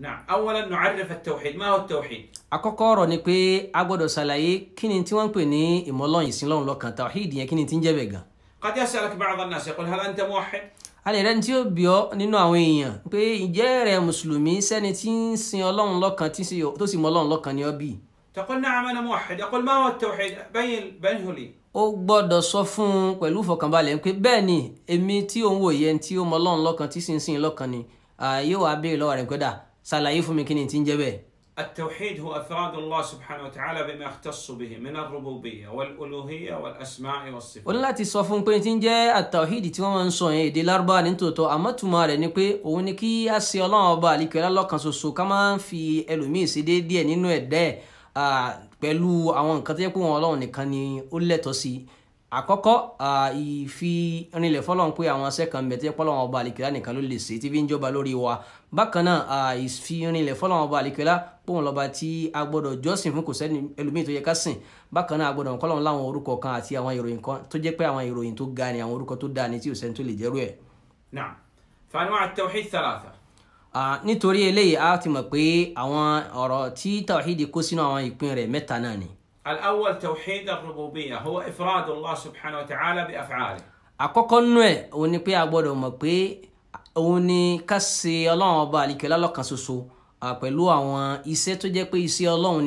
na awalan nu'arrif at-tawhid ma huwa at-tawhid. àkọ́kọ́ ọ̀rọ̀ ni pé a gbọ́dọ̀ ṣàlàyé kí ni tí wọ́n ń pè ní ìmọ̀lọ́yìn sí lọ́run lọ́kàn tawhid yẹn kí ni tí ń jẹ́ bẹ̀ gan. qad yas'aluka ba'd an-nas yaqul hal anta muwahhid. alẹ́ rẹ ni tí ó bí ọ nínú àwọn èèyàn pé ìjẹ́ rẹ mùsùlùmí sẹ́ni tí ń sin ọlọ́run lọ́kàn tó sì mọ ọlọ́run lọ́kàn ni ọ bí. taqul na'am ana muwahhid yaqul ma huwa at-tawhid bayyin bayyin li ó gbọ́dọ̀ sọ fún un pẹ̀lú ìfọ̀kànbalẹ̀ ni èmi tí òun wòye ẹni tí ó mọ ọlọ́run lọ́kàn tí sì ń sìn ni yóò wá béèrè lọ́wọ́ rẹ̀ pé ṣàlàyé fún mi kí ni ti ń jẹ́ bẹ́ẹ̀. التوحيد هو أفراد الله سبحانه وتعالى بما يختص به من الربوبية والألوهية والأسماء والصفات. ó ní láti sọ fún pé tí ń jẹ́ àtàwíìdì tí wọ́n máa ń sọ yẹn èdè lárúbá ní tòótọ́ àmọ́ túmọ̀ rẹ̀ ni pé òun ni kí a ṣe ọlọ́run ọba àlìkẹ́lá lọ́kan ṣoṣo ká máa ń fi ẹlòmíì ṣe déédéé nínú ẹ̀dẹ́ pẹ̀lú àwọn nǹkan tó yẹ pé wọn ọlọ́run nìkan ni ó lẹ́tọ̀ọ́ sí i àkọ́kọ́ ìfi rinlẹ̀ fọlọ́run pé àwọn sẹ́kàn bẹ̀ tí ẹ pọ́lọ́run ọba àlìkẹ́lá nìkan ló lè ṣe tí fi ń jọba lórí wa bákan náà ìfi rinlẹ̀ fọlọ́run ọba àlìkẹ́lá pòun lọ́ba tí a gbọ́dọ̀ jọ́sìn fún kò sẹ́ni ẹlòmíì tó yẹ ká sìn bákan náà a gbọ́dọ̀ kọ́lọ́run láwọn orúkọ kan àti àwọn ìròyìn kan tó jẹ́ pé àwọn ìròyìn tó ga ni àwọn orúkọ tó dáa ni tí òsẹ́ni Fa anwa at-tawhid thalatha nítorí eléyìí a ti mọ̀ pé àwọn ọ̀rọ̀ tí tawhid kó sínú àwọn ìpín rẹ̀ mẹ́ta náà ni الأول توحيد الربوبية هو إفراد الله سبحانه وتعالى بأفعاله àkọ́kọ́ nú ẹ̀ òun ni pé a gbọ́dọ̀ mọ̀ pé òun ni ká ṣe ọlọ́run ọba àlìkẹ́ lọ́lọ́kan ṣoṣo pẹ̀lú àwọn iṣẹ́ tó jẹ́ pé iṣẹ́ ọlọ́run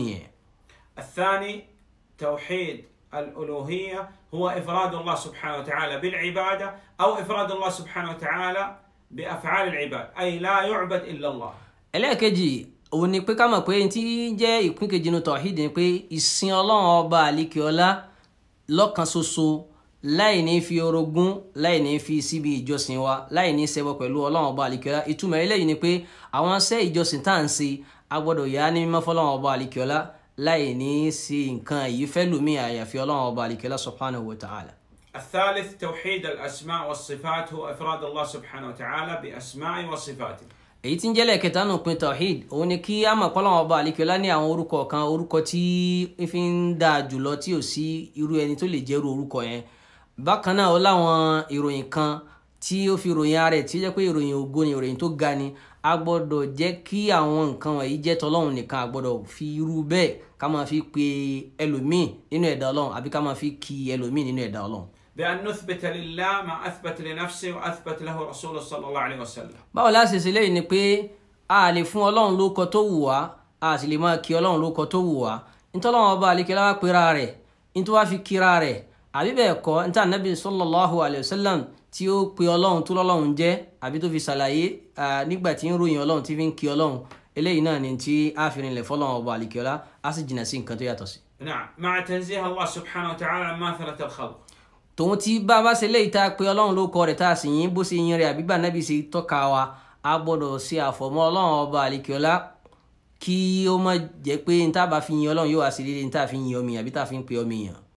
ni الثاني توحيد الألوهية هو إفراد الله سبحانه وتعالى بالعبادة أو إفراد الله سبحانه وتعالى بأفعال العباد أي لا يعبد إلا الله. ẹlẹ́ẹ̀kejì òun ni pé ká mọ̀ pé tí jẹ́ ìpín kejì inú tọ̀híd ni pé ìsìn ọlọ́run ọba àlekèọ́lá lọ́kan láì ní fi orogún láì ní fi síbi ìjọsìn wa láì ní ṣẹbọ pẹ̀lú ọlọ́run ọba àlekèọ́lá ìtumọ̀ eléyìí ni pé àwọn iṣẹ́ ìjọsìn tá à ń ṣe a gbọ́dọ̀ yá ní mímọ́ fọlọ́run ọba àlekèọ́lá láì ní sí nǹkan èyí fẹ́ lómi àyàfi ọlọ́run ọba àlekèọ́lá subhanahu wa ta'ala. الثالث توحيد الأسماء والصفات هو إفراد الله سبحانه وتعالى بأسمائه وصفاته èyí tí ń jẹ́lẹ̀ kẹta nù pin tawhid òun ni kí a mọ̀ pọ́lọ́wọ́n ọba àlekèọ́lá ní àwọn orúkọ kan orúkọ tí ń fi ń dáa jùlọ tí ò sí irú ẹni tó lè jẹ́rú orúkọ yẹn bákan náà ó láwọn ìròyìn kan tí ó fi ròyìn ara ẹ̀ tí ó jẹ́ pé ìròyìn ògo ni ìròyìn tó ga ni a gbọ́dọ̀ jẹ́ kí àwọn nǹkan wọ̀nyí jẹ́ nìkan a بأن نثبت لله ما أثبت لنفسه وأثبت له رسوله صلى الله عليه وسلم báwo la ṣe ṣe léyìí ni pé a lè fún ọlọ́run lóko tó wù wá a sì lè máa kí ọlọ́run lóko tó wù wá ntọ́lọ́run ọba àlekèlá wa الله rẹ̀ ntọ́ wa fi kíra rẹ̀ àbí bẹ́ẹ̀ kọ́ níta nàbì sallallahu alayhi wa sallam tí ó pe ọlọ́run tó lọ́lọ́run jẹ́ àbí tó fi ṣàlàyé nígbà tí ń ròyìn ọlọ́run tí fi ń kí ọlọ́run eléyìí náà ni tí a fi rinlẹ̀ fọlọ́run ọba àlekèlá a sì jìnnà sí nǹkan tó yàtọ̀ sí. na'am ma'a tanzih Allah subhanahu ta'ala ma'a thalata al-khalq tòun tí bá a bá ṣe léyìí tá a pé ọlọ́run ló kọ rẹ̀ tá a sì yín bó ṣe yin rẹ̀ àbí bànábì ṣe tọ́ka wa a gbọ́dọ̀ ṣe àfọ̀mọ́ ọlọ́run ọba àlekèọ́lá kí ó má jẹ́ pé ní tá a bá fi yin ọlọ́run yóò wá sí rere ní tá a fi yin ọmọ àbí tá a fi ń pe ọmọ